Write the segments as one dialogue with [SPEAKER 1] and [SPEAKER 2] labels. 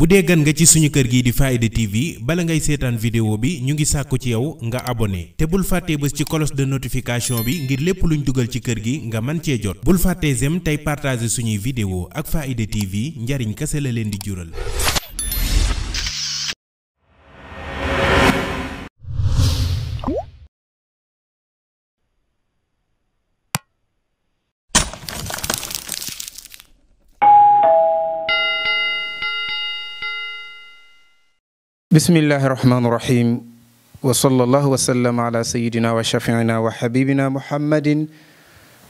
[SPEAKER 1] bu dee gan nga ci suñu kër gii di Faaida TV bala ngay seetaan vidéo bi ñu ngi sàkku ci yow nga abonné te bul fàtte bés ci cloche de notification bi ngir lépp luñ dugal ci kër gi nga mën cee jot bul fàtte zem tey partager suñuy vidéo ak Faaida TV njariñ kase la leen di jural bismillahi rahmaani rahiim wa sallallahu wa sallam ala sayyidina wa shafiina wa xabibina muhammadin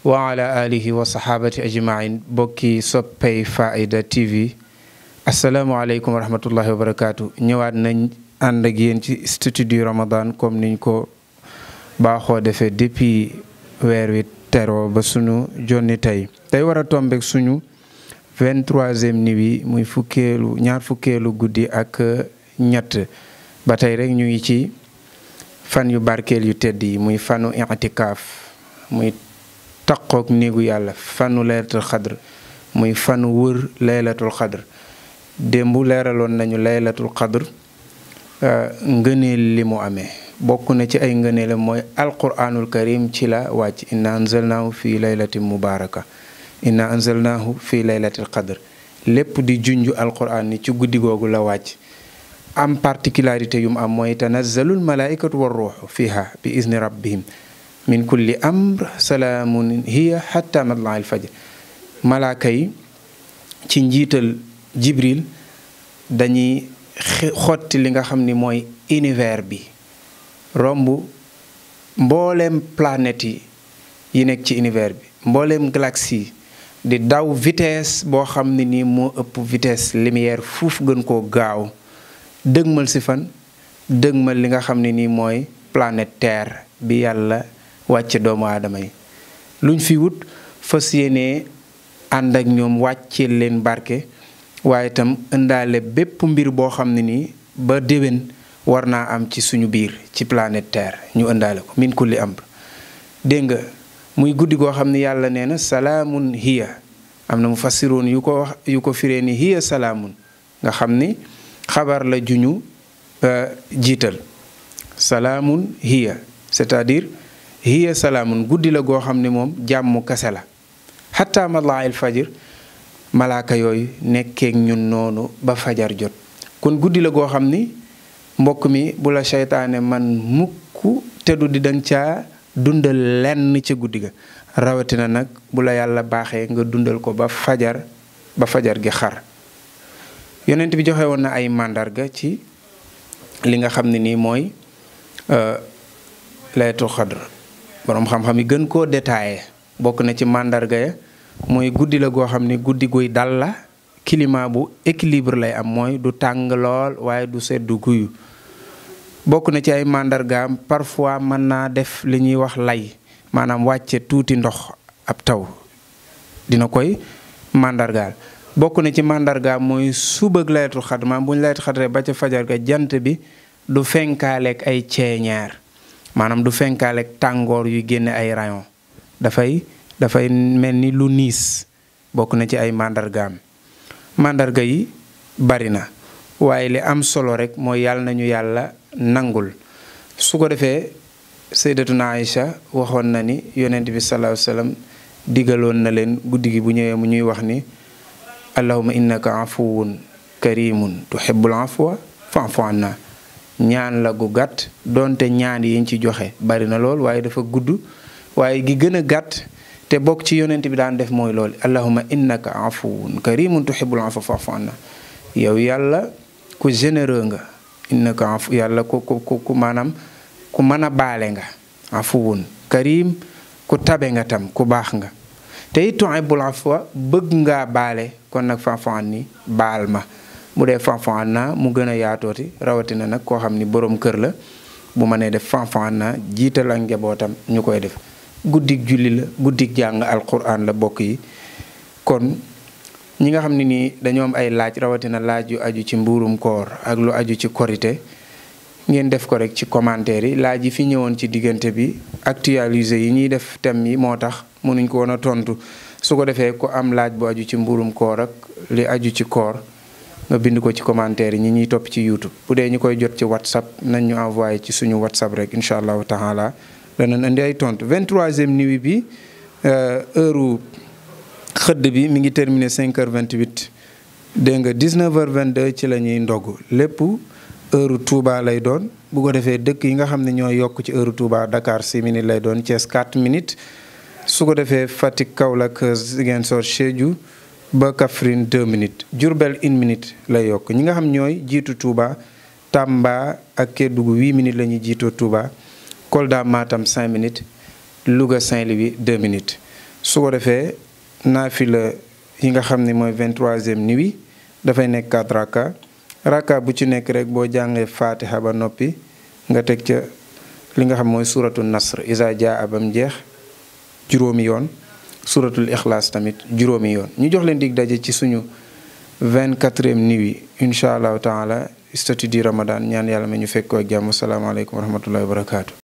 [SPEAKER 1] wa ala alihi wa saxaabati ajmain bokki soppay Faaida TV asalaamualeykum wa rahmatullahi wa barakaatu ñëwaat nañ ànd ak ci studio du Ramadan comme niñ ko baaxoo defee depuis weer wi teroo ba sunu jonni tey tey war a suñu vingt ñaar fukkeelu guddi ak ñett ba tey rek ñu ngi ci fan yu barkeel yu tedd yi muy fanu itikaaf muy taqoog néegu yàlla fanu laylatul xadr muy fanu wër laylatul xadr démb leeraloon nañu laylatul xadr euh, ngëneel li mu amee bokk na ci ay ngëneelam mooy alquranul karim ci la wàcc inna anzalnaahu fi laylatin mubaraka inna anzalnaahu fi laylatil qadr lépp di junju alquran ni ci guddi googu la wàcc am particularité yu mu am mooy tanazzalul malaikatu war ruuxu fiha bi izni rabbihim min kulli amr salaamun hiya xatta malaaka yi ci njiital jibril dañuy xotti li nga xam ni mooy univers bi romb mbooleem planètes yi yi nekk ci univers bi mbooleem galaxie di daw vitesse boo xam ne nii moo ëpp vitesse lumière fuuf gën koo gaaw dëgmal si fan dëgmal li nga xam ne nii mooy planète terre bi yàlla wàcce doomu aadama yi luñ fi wut fas yéenee ànd ak ñoom wàcce leen barke waaye itam indaale bépp mbir boo xam ne nii ba déwén war naa am ci suñu biir ci planète terre ñu indaale ko min kulli am dégg nga muy guddi goo xam ne yàlla nee na salaamun hiya am na mu fassiroon yu ko wax ni hiya salaamun nga xam ni xabar la ju ñu euh, jiital salaamun hiya c'est-à-dire salaamun guddi la goo xam ne moom jàmm kase la xataa matlaayil fajir malaaka yooyu nekkeek ñun noonu ba fajar jot kon guddi la goo xam ni mbokk mi bu la seytaane man mukk teddu di danga ca dundal lenn ca guddi ga rawatina nag bu la yàlla baaxee nga dundal ko ba fajar ba fajar gi xar yonent bi joxe woon na ay màndarga ci li nga xam ne nii mooy euh, laylatul xadr boroom xam-xam yi gën koo détaillé bokk na ci màndarga ya mooy guddi la goo xam ne guddi guy dal la climat bu équilibre lay am mooy du tàng lool waaye du sedd guyu bokk na ci ay màndargaam parfois mën naa def li ñuy wax lay maanaam wàcce tuuti ndox ab taw dina koy màndargaal bokk na ci màndargaam mooy subag laylatul xadr maanaam bu ñu laylatul xadre ba ca fajar ga jant bi du fenkaaleeg ay ceeñeer maanaam du fenkaaleeg tàngoor yu génne ay rayon dafay dafay mel ni lu niis bokk na ci ay màndargaam màndarga yi bari na waaye li am solo rek mooy yàlla nañu yàlla nangul su ko defee saydatuna Aïcha waxoon na ni yonent bi sallallahu alayhi wasallam digaloon na leen guddi gi bu ñëwee mu ñuy wax ni allahuma innaka afuwun karimun tuhibbul afwa fa'fu anna ñaan la gu gàtt donte ñaan yiñ ci joxe bari na lool waaye dafa gudd waaye gi gën a gàtt te bokk ci yonent bi daan def mooy lool allahuma innaka afuwun karimun tuhibbul afwa fa'fu anna yow yàlla ku généreux nga innaka afu yàlla ku ku ku maanaam ku mën a baale nga afuwun karim ku tabe nga tam ku baax nga te tuhibbul afwa bëgg nga baale kon nag fanfan ni baal ma mu dee fanfan naa mu gën a yaatooti rawatina nag koo xam ni boroom kër la bu ma nee def fanfan naa jiital ak njabootam ñu koy def guddik julli la guddik jàng alquran la bokk yi kon ñi nga xam ne nii dañoom ay laaj rawatina laaj yu aju ci mbuurum koor ak lu aju ci korite ngeen def ko rek ci commentaire yi laaj yi fi ñëwoon ci diggante bi actualise yi ñuy def thème yi moo tax mënuñ ko woon a tontu su ko defee ko am laaj bu aju ci mburum koor ak li aju ci koor nga bind ko ci commentaire yi ñi ñuy topp ci YouTube bu dee ñu koy jot ci WhatsApp nañ ñu envoyé ci suñu WhatsApp rek incha allahu taala la andi ay tontu vingt e nuit bi euh, heure xëdd bi mi ngi terminé 5h28 dégg nga 19 vingt deux ci la ñuy ndog lépp heure Touba lay doon bu ko defee dëkk yi nga xam ne ñoo yokk ci heure Touba Dakar 6 minutes lay doon Thiès 4 minutes. su ko defee Fatick Kaolack Ziguinchor ju ba Kaffrine 2 minutes Diourbel 1 minute lay yokk ñi nga xam ñooy jiitu Touba Tamba ak Kédougou 8 minutes la ñuy jiitoo Touba Kolda Matam 5 minutes Louga Saint-Louis 2 minutes su ko defee naafila yi nga xam ne mooy 23e dafay nekk 4 raka bu ci nekk rek boo jàngee Fatiha ba noppi nga teg ca li nga xam mooy suuratu Nasr isa jaa abam jeex juróomi yoon suratul ixlaas tamit juróomi yoon ñu jox leen dig daje ci suñu 24eem nuit incha allahu taala statut du ramadan ñaan yàlla ma ñu fekk ko ak jàmm salaamaaleykum wa rahmatullahi wa barakaatu.